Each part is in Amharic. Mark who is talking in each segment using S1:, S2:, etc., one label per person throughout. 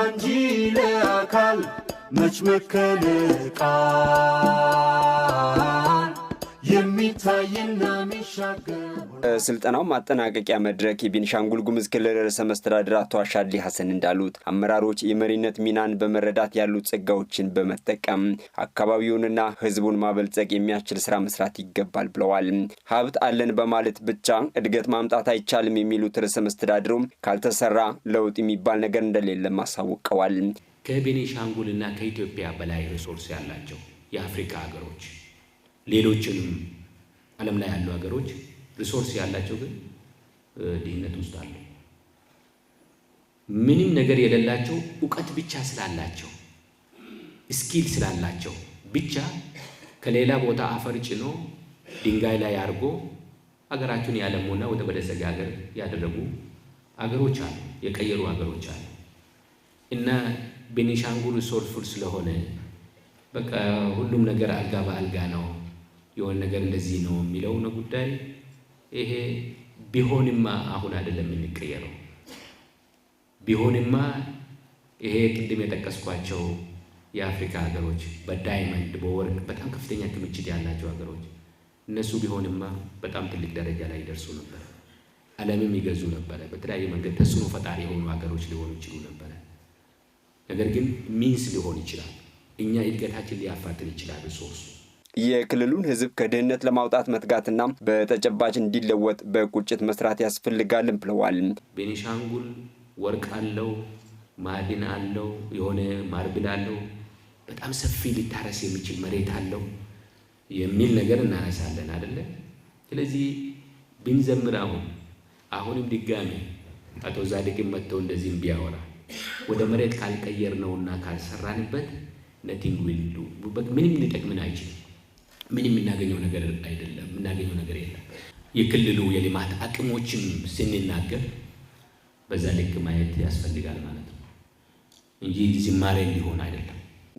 S1: እንጂ ለአካል መች መከልቃል የሚታይና የሚሻገር
S2: ስልጠናው ማጠናቀቂያ መድረክ የቤኒሻንጉል ጉሙዝ ክልል ርዕሰ መስተዳድር አቶ አሻድሊ ሀሰን እንዳሉት አመራሮች የመሪነት ሚናን በመረዳት ያሉ ጸጋዎችን በመጠቀም አካባቢውንና ህዝቡን ማበልጸግ የሚያስችል ስራ መስራት ይገባል ብለዋል። ሀብት አለን በማለት ብቻ እድገት ማምጣት አይቻልም የሚሉት ርዕሰ መስተዳድሩም ካልተሰራ ለውጥ የሚባል ነገር እንደሌለም አሳውቀዋል።
S3: ከቤኒሻንጉልና ከኢትዮጵያ በላይ ሪሶርስ ያላቸው የአፍሪካ ሀገሮች ሌሎችንም ዓለም ላይ ያሉ ሀገሮች ሪሶርስ ያላቸው ግን ድህነት ውስጥ አሉ። ምንም ነገር የሌላቸው እውቀት ብቻ ስላላቸው ስኪል ስላላቸው ብቻ ከሌላ ቦታ አፈር ጭኖ ድንጋይ ላይ አድርጎ ሀገራቸውን ያለሙና ወደ በለጸገ ሀገር ያደረጉ አገሮች አሉ፣ የቀየሩ ሀገሮች አሉ። እና ቤኒሻንጉል ሶልፉል ስለሆነ በቃ ሁሉም ነገር አልጋ በአልጋ ነው የሆነ ነገር እንደዚህ ነው የሚለው ነው ጉዳይ። ይሄ ቢሆንማ አሁን አይደለም የምንቀየረው። ቢሆንማ ይሄ ቅድም የጠቀስኳቸው የአፍሪካ ሀገሮች በዳይመንድ በወርቅ በጣም ከፍተኛ ክምችት ያላቸው ሀገሮች እነሱ ቢሆንማ በጣም ትልቅ ደረጃ ላይ ይደርሱ ነበር። ዓለምም ይገዙ ነበረ። በተለያየ መንገድ ተጽዕኖ ፈጣሪ የሆኑ ሀገሮች ሊሆኑ ይችሉ ነበረ። ነገር ግን ሚንስ ሊሆን ይችላል። እኛ እድገታችን ሊያፋጥን ይችላል ሶርሱ
S2: የክልሉን ህዝብ ከድህነት ለማውጣት መትጋትና በተጨባጭ እንዲለወጥ በቁጭት መስራት ያስፈልጋልን ብለዋል።
S3: ቤኒሻንጉል ወርቅ አለው፣ ማዕድን አለው፣ የሆነ ማርብል አለው፣ በጣም ሰፊ ሊታረስ የሚችል መሬት አለው የሚል ነገር እናነሳለን አደለ? ስለዚህ ብንዘምር አሁን አሁንም ድጋሚ አቶ ዛድግን መጥተው እንደዚህም ቢያወራ ወደ መሬት ካልቀየር ነውና ካልሰራንበት ነቲንግ ዊል ዱ ምንም ሊጠቅምን አይችልም። ምን የምናገኘው ነገር አይደለም፣ የምናገኘው ነገር የለም። የክልሉ የልማት አቅሞችም ስንናገር በዛ ልክ ማየት ያስፈልጋል ማለት ነው እንጂ ዝማሬ እንዲሆን አይደለም።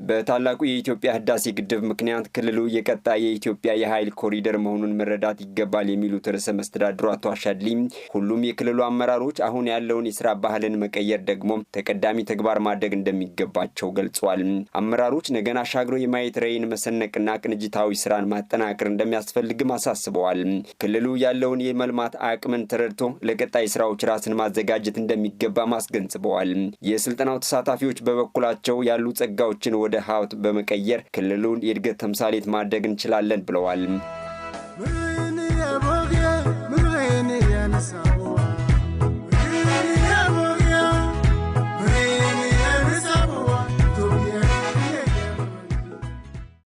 S2: በታላቁ የኢትዮጵያ ህዳሴ ግድብ ምክንያት ክልሉ የቀጣ የኢትዮጵያ የኃይል ኮሪደር መሆኑን መረዳት ይገባል የሚሉት ርዕሰ መስተዳድሩ አቶ አሻድሊም ሁሉም የክልሉ አመራሮች አሁን ያለውን የስራ ባህልን መቀየር ደግሞ ተቀዳሚ ተግባር ማድረግ እንደሚገባቸው ገልጿል። አመራሮች ነገን አሻግሮ የማየት ራዕይን መሰነቅና ቅንጅታዊ ስራን ማጠናከር እንደሚያስፈልግም አሳስበዋል። ክልሉ ያለውን የመልማት አቅምን ተረድቶ ለቀጣይ ስራዎች ራስን ማዘጋጀት እንደሚገባም አስገንዝበዋል። የስልጠናው ተሳታፊዎች በበኩላቸው ያሉ ጸጋዎችን ወደ ሀብት በመቀየር ክልሉን የእድገት ተምሳሌት ማድረግ እንችላለን ብለዋል።